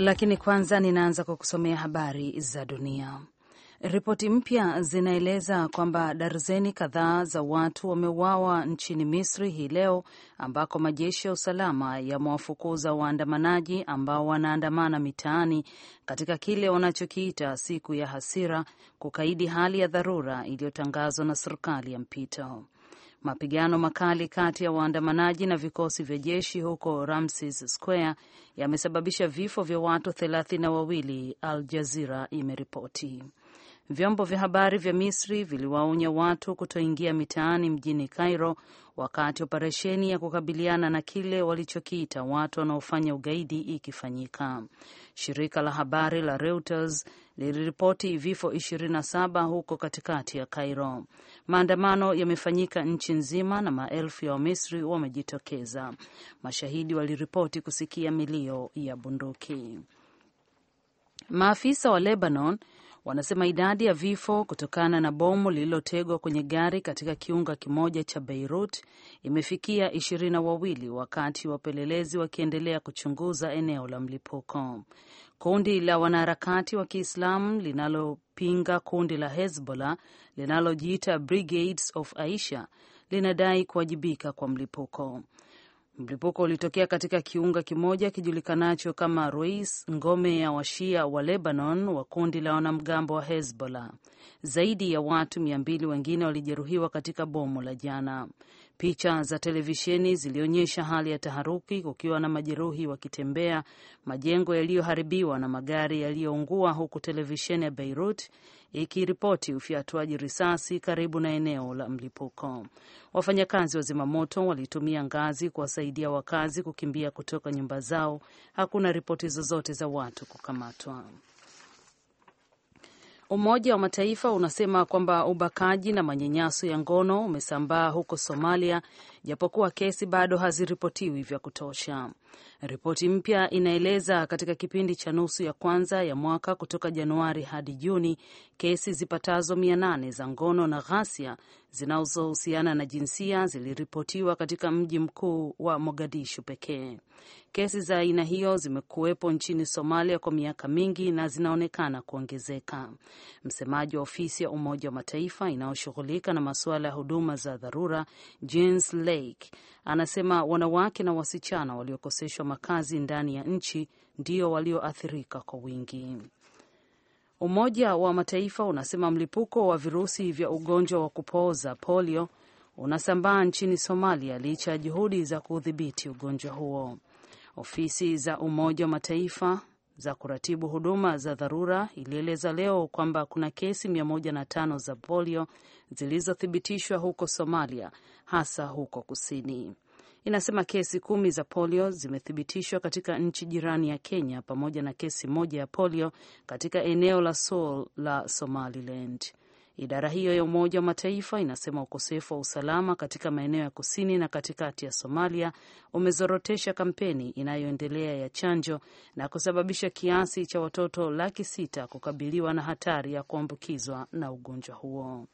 lakini kwanza ninaanza kwa kusomea habari za dunia. Ripoti mpya zinaeleza kwamba darzeni kadhaa za watu wameuawa nchini Misri hii leo ambako majeshi ya usalama yamewafukuza waandamanaji ambao wanaandamana mitaani katika kile wanachokiita siku ya hasira kukaidi hali ya dharura iliyotangazwa na serikali ya mpito. Mapigano makali kati ya waandamanaji na vikosi vya jeshi huko Ramses Square yamesababisha vifo vya watu thelathini na wawili, Al Jazira imeripoti. Vyombo vya habari vya Misri viliwaonya watu kutoingia mitaani mjini Cairo wakati operesheni ya kukabiliana na kile walichokiita watu wanaofanya ugaidi ikifanyika. Shirika la habari la Reuters liliripoti vifo 27 huko katikati ya Cairo. Maandamano yamefanyika nchi nzima na maelfu ya Wamisri wamejitokeza. Mashahidi waliripoti kusikia milio ya bunduki. Maafisa wa Lebanon wanasema idadi ya vifo kutokana na bomu lililotegwa kwenye gari katika kiunga kimoja cha Beirut imefikia ishirini na wawili wakati wapelelezi wakiendelea kuchunguza eneo la mlipuko. Kundi la wanaharakati wa Kiislamu linalopinga kundi la Hezbollah linalojiita Brigades of Aisha linadai kuwajibika kwa mlipuko. Mlipuko ulitokea katika kiunga kimoja kijulikanacho kama Ruis, ngome ya washia wa Lebanon wa kundi la wanamgambo wa Hezbollah. Zaidi ya watu mia mbili wengine walijeruhiwa katika bomu la jana. Picha za televisheni zilionyesha hali ya taharuki, kukiwa na majeruhi wakitembea, majengo yaliyoharibiwa na magari yaliyoungua, huku televisheni ya Beirut ikiripoti ufyatuaji risasi karibu na eneo la mlipuko. Wafanyakazi wa zimamoto walitumia ngazi kuwasaidia wakazi kukimbia kutoka nyumba zao. Hakuna ripoti zozote za watu kukamatwa. Umoja wa Mataifa unasema kwamba ubakaji na manyanyaso ya ngono umesambaa huko Somalia japokuwa kesi bado haziripotiwi vya kutosha. Ripoti mpya inaeleza katika kipindi cha nusu ya kwanza ya mwaka kutoka Januari hadi Juni, kesi zipatazo mia nane za ngono na ghasia zinazohusiana na jinsia ziliripotiwa katika mji mkuu wa Mogadishu pekee. Kesi za aina hiyo zimekuwepo nchini Somalia kwa miaka mingi na zinaonekana kuongezeka. Msemaji wa ofisi ya Umoja wa Mataifa inayoshughulika na masuala ya huduma za dharura Jens lake anasema wanawake na wasichana waliokoseshwa makazi ndani ya nchi ndio walioathirika kwa wingi. Umoja wa Mataifa unasema mlipuko wa virusi vya ugonjwa wa kupooza polio unasambaa nchini Somalia licha ya juhudi za kuudhibiti ugonjwa huo. Ofisi za Umoja wa Mataifa za kuratibu huduma za dharura ilieleza leo kwamba kuna kesi 105 za polio zilizothibitishwa huko Somalia, hasa huko kusini. Inasema kesi kumi za polio zimethibitishwa katika nchi jirani ya Kenya pamoja na kesi moja ya polio katika eneo la Sool la Somaliland. Idara hiyo ya Umoja wa Mataifa inasema ukosefu wa usalama katika maeneo ya kusini na katikati ya Somalia umezorotesha kampeni inayoendelea ya chanjo na kusababisha kiasi cha watoto laki sita kukabiliwa na hatari ya kuambukizwa na ugonjwa huo.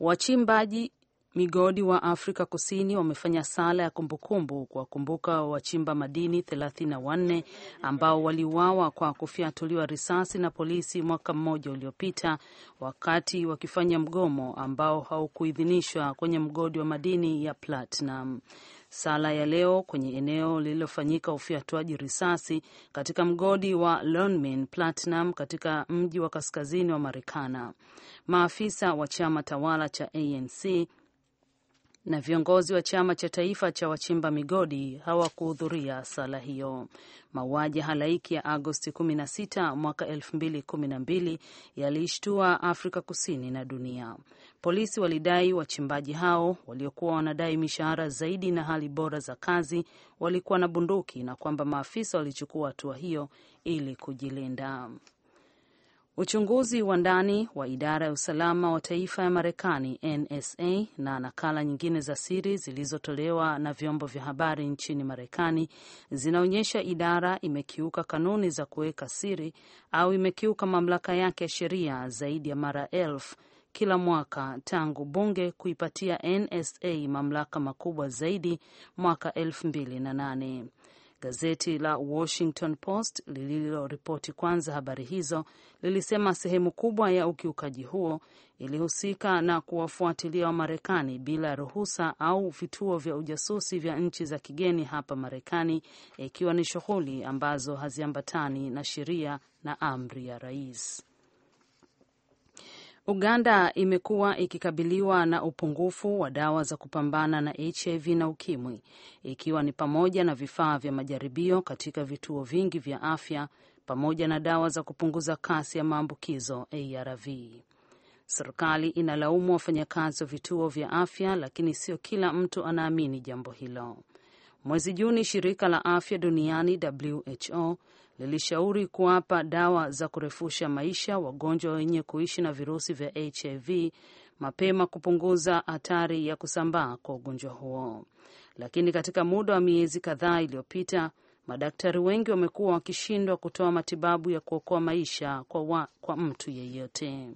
Wachimbaji migodi wa Afrika Kusini wamefanya sala ya kumbukumbu kuwakumbuka wachimba madini 34 ambao waliuawa kwa kufyatuliwa risasi na polisi mwaka mmoja uliopita wakati wakifanya mgomo ambao haukuidhinishwa kwenye mgodi wa madini ya platinum. Sala ya leo kwenye eneo lililofanyika ufyatuaji risasi katika mgodi wa Lonmin Platinum katika mji wa kaskazini wa marekana Maafisa wa chama tawala cha ANC na viongozi wa chama cha taifa cha wachimba migodi hawakuhudhuria sala hiyo. Mauaji halaiki ya Agosti 16 mwaka 2012 yaliishtua Afrika Kusini na dunia. Polisi walidai wachimbaji hao waliokuwa wanadai mishahara zaidi na hali bora za kazi walikuwa na bunduki na kwamba maafisa walichukua hatua hiyo ili kujilinda. Uchunguzi wa ndani wa idara ya usalama wa taifa ya Marekani, NSA, na nakala nyingine za siri zilizotolewa na vyombo vya habari nchini Marekani zinaonyesha idara imekiuka kanuni za kuweka siri au imekiuka mamlaka yake ya sheria zaidi ya mara elfu kila mwaka tangu bunge kuipatia NSA mamlaka makubwa zaidi mwaka nane. Gazeti la Washington Post lililoripoti kwanza habari hizo lilisema sehemu kubwa ya ukiukaji huo ilihusika na kuwafuatilia Wamarekani bila ruhusa au vituo vya ujasusi vya nchi za kigeni hapa Marekani, ikiwa ni shughuli ambazo haziambatani na sheria na amri ya rais. Uganda imekuwa ikikabiliwa na upungufu wa dawa za kupambana na HIV na ukimwi, ikiwa ni pamoja na vifaa vya majaribio katika vituo vingi vya afya pamoja na dawa za kupunguza kasi ya maambukizo ARV. Serikali inalaumu wafanyakazi wa vituo vya afya, lakini sio kila mtu anaamini jambo hilo. Mwezi Juni shirika la afya duniani WHO lilishauri kuwapa dawa za kurefusha maisha wagonjwa wenye kuishi na virusi vya HIV mapema kupunguza hatari ya kusambaa kwa ugonjwa huo. Lakini katika muda wa miezi kadhaa iliyopita, madaktari wengi wamekuwa wakishindwa kutoa matibabu ya kuokoa maisha kwa, wa, kwa mtu yeyote.